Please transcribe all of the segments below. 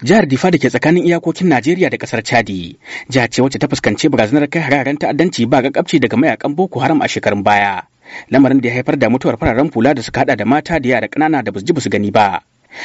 jihar difa da ke tsakanin iyakokin najeriya da kasar chadi jiha ce wacce ta fuskanci barazanar kai hararen ta'addanci ba kabci, daga mayakan boko haram a shekarun baya lamarin da ya haifar da mutuwar fararen fula da suka hada da mata da yara ƙanana da basu ji basu gani ba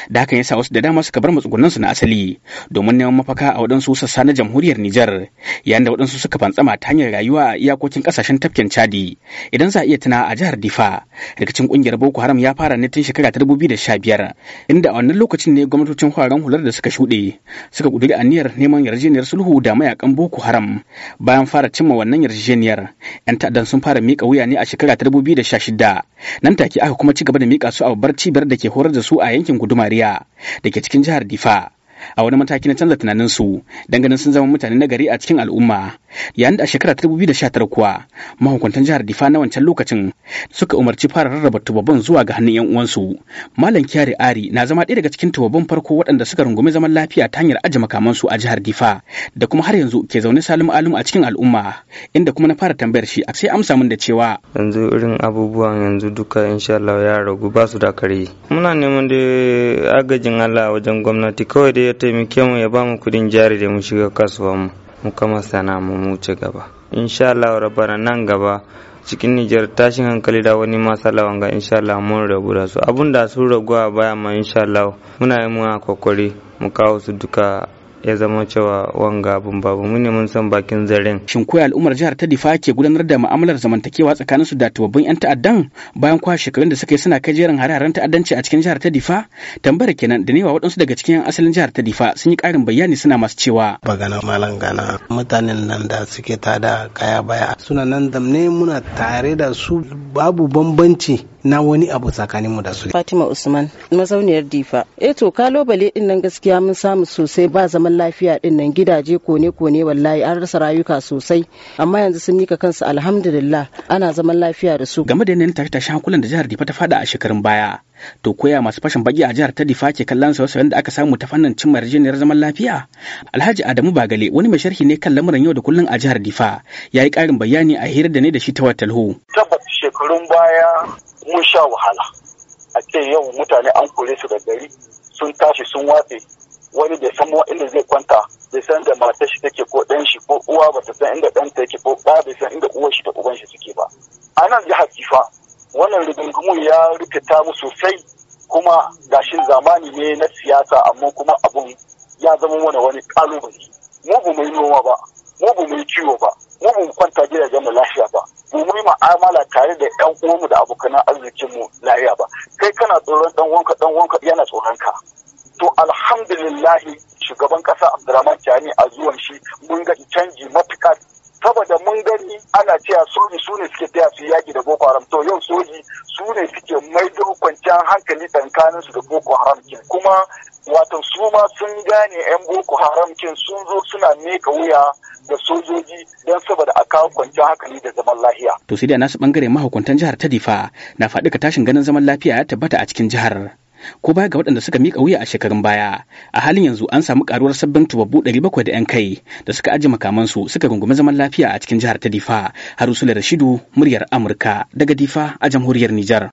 da hakan yasa wasu da dama suka bar matsugunansu na asali domin neman mafaka a waɗansu sassa na jamhuriyar Nijar yayin da waɗansu suka fantsama ta hanyar rayuwa a iyakokin ƙasashen tafkin Chadi idan za a iya tuna a jihar Difa rikicin ƙungiyar Boko Haram ya fara ne tun shekara ta 2015 inda a wannan lokacin ne gwamnatocin fararen hular da suka shuɗe suka ƙuduri aniyar neman yarjejeniyar sulhu da mayakan Boko Haram bayan fara cimma wannan yarjejeniyar yan ta'addan sun fara mika wuya ne a shekara ta 2016 nan take aka kuma ci gaba da miƙa su a babbar cibiyar da ke horar da su a yankin gudu Maria, da ke cikin jihar difa a wani mataki na canza tunaninsu ganin sun zama mutane na gari a cikin al'umma yayin da a shekara ta 2019 kuwa mahukuntan jihar Difa na wancan lokacin suka umarci fara rarraba tubabban zuwa ga hannun yan uwansu malam kyari ari na zama ɗaya daga cikin tubabban farko waɗanda suka rungumi zaman lafiya ta hanyar aje makamansu a jihar Difa da kuma har yanzu ke zaune salim alum a cikin al'umma inda kuma na fara tambayar shi a sai amsa min da cewa yanzu irin abubuwan yanzu duka insha Allah ya ragu ba su da kare muna neman da agajin Allah wajen gwamnati kawai dai taimake mu ya ba mu kudin jari da mu shiga kasuwa mu mu kama sana mu mu ci gaba insha Allah rabbana nan gaba cikin Nijar tashin hankali da wani matsala wanga insha Allah mun rabu da su abun da sun ragu a baya ma insha Allah muna yi muna kokari mu kawo su duka ya zama cewa wanga abun babu mun ne mun san bakin zaren shin koyi al'ummar jihar ta difa ke gudanar da mu'amalar zamantakewa tsakanin su da tubabbin yan ta'addan bayan kwa shekarun da suka yi suna kai jerin hare-haren ta'addanci a cikin jihar ta difa tambayar kenan da newa waɗansu daga cikin asalin jihar ta difa sun yi ƙarin bayani suna masu cewa bagana malam gana mutanen nan da suke tada kaya baya suna nan damne muna tare da su babu bambanci na wani abu tsakanin mu da su Fatima Usman mazauniyar Difa eh to kalobale din nan gaskiya mun samu sosai ba zaman lafiya din nan gidaje kone kone wallahi an rasa rayuka sosai amma yanzu sun mika kansu alhamdulillah ana zaman lafiya da su game da yanayin ta hankulan da jihar Difa ta fada a shekarun baya to koya masu fashin baki a jihar ta Difa ke kallon sauye da aka samu ta fannin cimma yarjejeniyar zaman lafiya Alhaji Adamu Bagale wani mai sharhi ne kan lamuran yau da kullun a jihar Difa ya yi ƙarin bayani a hirar da ne da shi ta watalho tabbas shekarun baya mun sha wahala a ce yau mutane an kore su da gari sun tashi sun watse wani bai san inda zai kwanta bai san da matar shi take ko ɗan shi ko uwa ba ta san inda ta yake ko ba bai san inda uwar shi da uban shi suke ba a nan jihar hakifa, wannan rigingimu ya rikita mu sosai kuma gashin zamani ne na siyasa amma kuma abun ya zama mana wani kalubale mu ba mu yi noma ba mu ba mu yi kiwo ba mu ba kwanta gidajen mu lafiya ba mu mai mu'amala tare da yan uwanmu da abokanan arzikin mu lafiya ba kai kana tsoron dan wanka dan wanka yana tsoron ka to lillahi shugaban kasa Abdulrahman Tani a zuwan shi mun ga canji matuƙa saboda mun gani ana cewa soji su ne suke taya su yaki da Boko Haram to yau soji su ne suke maido kwanciyar hankali tsakanin su da Boko Haram kuma wato su ma sun gane 'yan Boko Haram sun zo suna meka wuya da sojoji don saboda kawo kwanciyar hankali da zaman lafiya. To sai da nasu bangare mahukuntan jihar ta Difa na faɗi ka tashin ganin zaman lafiya ya tabbata a cikin jihar. Ko baya ga waɗanda suka miƙa wuya a shekarun baya, a halin yanzu an samu ƙaruwar sabbin tubabbu ɗari bakwai da 'yan kai da suka aji makamansu suka rungumi zaman lafiya a cikin jihar ta Difa. har da Rashidu, muryar Amurka, daga Difa a jamhuriyar Nijar.